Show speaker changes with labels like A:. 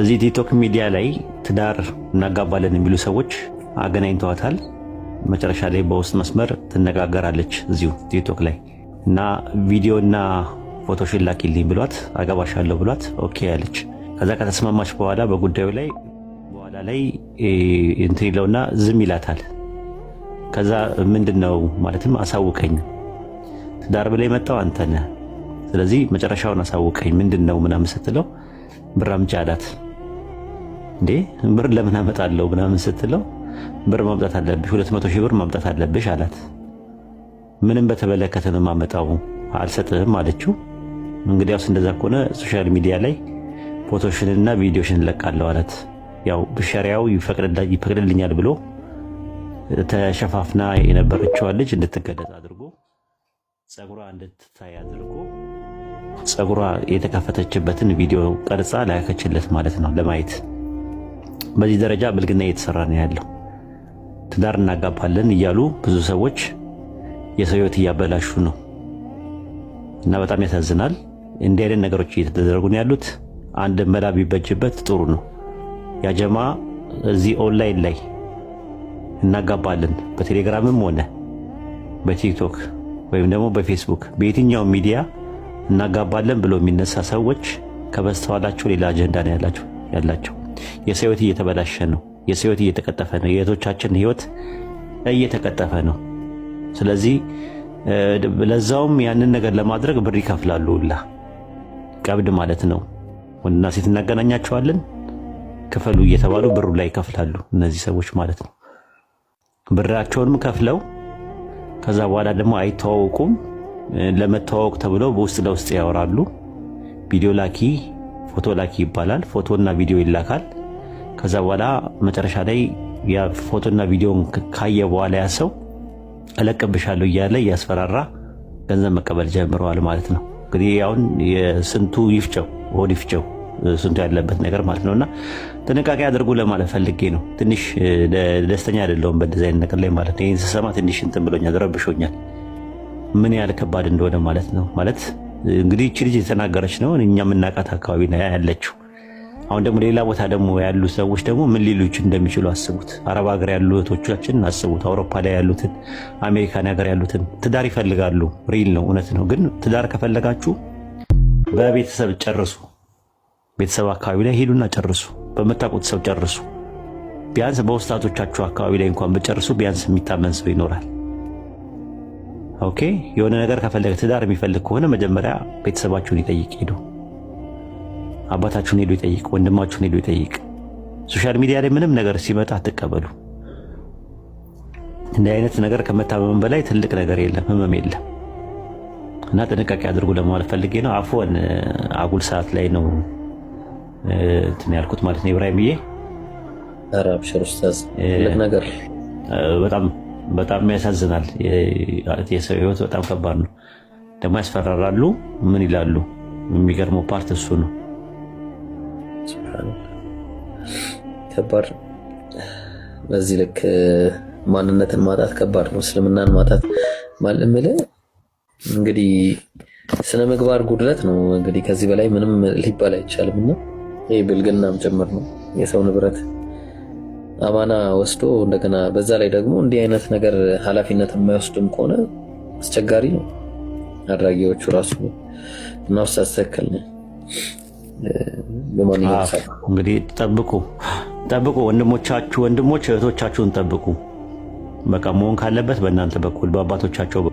A: እዚህ ቲክቶክ ሚዲያ ላይ ትዳር እናጋባለን የሚሉ ሰዎች አገናኝተዋታል። መጨረሻ ላይ በውስጥ መስመር ትነጋገራለች እዚሁ ቲክቶክ ላይ እና ቪዲዮና ፎቶሽን ላኪልኝ ብሏት አገባሻለሁ ብሏት ኦኬ ያለች። ከዛ ከተስማማች በኋላ በጉዳዩ ላይ በኋላ ላይ እንትን ይለውና ዝም ይላታል። ከዛ ምንድን ነው ማለትም አሳውቀኝ ትዳር ብላ የመጣው አንተ ነህ፣ ስለዚህ መጨረሻውን አሳውቀኝ ምንድን ነው ምናምን ስትለው ብር አላት። እንዴ ብር ለምን አመጣለሁ ምናምን ስትለው ብር ማምጣት አለብሽ፣ ሁለት መቶ ሺህ ብር ማምጣት አለብሽ አላት። ምንም በተመለከተ ነው ማመጣው አልሰጥህም አለችው። እንግዲያውስ እንደዛ ከሆነ ሶሻል ሚዲያ ላይ ፎቶሽንና ቪዲዮሽን እለቃለሁ አላት። ያው ሸሪያው ይፈቅድልኛል ብሎ ተሸፋፍና የነበረችዋን ልጅ እንድትገለጽ አድርጎ ጸጉሯ እንድትታይ አድርጎ ጸጉሯ የተከፈተችበትን ቪዲዮ ቀርጻ ላከችለት ማለት ነው ለማየት በዚህ ደረጃ ብልግና እየተሰራ ነው ያለው። ትዳር እናጋባለን እያሉ ብዙ ሰዎች የሰው ሕይወት እያበላሹ ነው እና በጣም ያሳዝናል። እንዲህ አይነት ነገሮች እየተደረጉ ነው ያሉት። አንድ መላ ቢበጅበት ጥሩ ነው። ያጀማ እዚህ ኦንላይን ላይ እናጋባለን በቴሌግራምም ሆነ በቲክቶክ ወይም ደግሞ በፌስቡክ በየትኛው ሚዲያ እናጋባለን ብሎ የሚነሳ ሰዎች ከበስተኋላቸው ሌላ አጀንዳ ነው ያላቸው። የሰው ህይወት እየተበላሸ ነው። የሰው ህይወት እየተቀጠፈ ነው። የእህቶቻችን ህይወት እየተቀጠፈ ነው። ስለዚህ ለዛውም ያንን ነገር ለማድረግ ብር ይከፍላሉ ሁላ ቀብድ ማለት ነው። ወንድና ሴት እናገናኛቸዋለን ክፈሉ እየተባሉ ብሩ ላይ ይከፍላሉ እነዚህ ሰዎች ማለት ነው። ብራቸውንም ከፍለው ከዛ በኋላ ደግሞ አይተዋወቁም። ለመተዋወቅ ተብለው በውስጥ ለውስጥ ያወራሉ። ቪዲዮ ላኪ ፎቶ ላኪ ይባላል። ፎቶና ቪዲዮ ይላካል። ከዛ በኋላ መጨረሻ ላይ ፎቶና ቪዲዮን ካየ በኋላ ያ ሰው እለቅብሻለሁ እያለ እያስፈራራ ገንዘብ መቀበል ጀምረዋል ማለት ነው። እንግዲህ አሁን የስንቱ ይፍጨው ሆድ ይፍጨው ስንቱ ያለበት ነገር ማለት ነውእና ጥንቃቄ አድርጉ ለማለት ፈልጌ ነው። ትንሽ ደስተኛ አይደለሁም በእንደዚህ አይነት ነገር ላይ ማለት ነው። ይህን ስሰማ ትንሽ እንትን ብሎኛል፣ ረብሾኛል። ምን ያህል ከባድ እንደሆነ ማለት ነው ማለት እንግዲህ እቺ ልጅ የተናገረች ነው እኛ የምናውቃት አካባቢ ያለችው። አሁን ደግሞ ሌላ ቦታ ደግሞ ያሉ ሰዎች ደግሞ ምን ሊሉች እንደሚችሉ አስቡት። አረብ ሀገር ያሉ እህቶቻችን አስቡት። አውሮፓ ላይ ያሉትን፣ አሜሪካን ሀገር ያሉትን ትዳር ይፈልጋሉ። ሪል ነው፣ እውነት ነው። ግን ትዳር ከፈለጋችሁ በቤተሰብ ጨርሱ። ቤተሰብ አካባቢ ላይ ሄዱና ጨርሱ። በምታውቁት ሰው ጨርሱ። ቢያንስ በውስታቶቻችሁ አካባቢ ላይ እንኳን ብጨርሱ ቢያንስ የሚታመን ሰው ይኖራል። ኦኬ የሆነ ነገር ከፈለገ ትዳር የሚፈልግ ከሆነ መጀመሪያ ቤተሰባችሁን ይጠይቅ። ሄዱ አባታችሁን ሄዱ ይጠይቅ፣ ወንድማችሁን ሄዱ ይጠይቅ። ሶሻል ሚዲያ ላይ ምንም ነገር ሲመጣ አትቀበሉ። እንዲህ አይነት ነገር ከመታመም በላይ ትልቅ ነገር የለም፣ ህመም የለም። እና ጥንቃቄ አድርጉ ለማለት ፈልጌ ነው። አፎን አጉል ሰዓት ላይ ነው እንትን ያልኩት ማለት ነው። ኢብራሂምዬ
B: ኧረ አብሽር ኡስታዝ ነገር
A: በጣም በጣም ያሳዝናል። የሰው ህይወት በጣም ከባድ ነው። ደግሞ ያስፈራራሉ። ምን ይላሉ? የሚገርመው ፓርት እሱ ነው።
B: ከባድ በዚህ ልክ ማንነትን ማጣት ከባድ ነው። እስልምናን ማጣት ማለምለ እንግዲህ ስነ ምግባር ጉድለት ነው። እንግዲህ ከዚህ በላይ ምንም ሊባል አይቻልም እና ይህ ብልግናም ጭምር ነው የሰው ንብረት አማና ወስዶ እንደገና በዛ ላይ ደግሞ እንዲህ አይነት ነገር ኃላፊነት የማይወስድም ከሆነ አስቸጋሪ ነው። አድራጊዎቹ ራሱ እና ውስጥ አስተካከል
A: እንግዲህ ጠብቁ ጠብቁ፣ ወንድሞቻችሁ ወንድሞች እህቶቻችሁን ጠብቁ። በቃ መሆን ካለበት በእናንተ በኩል በአባቶቻቸው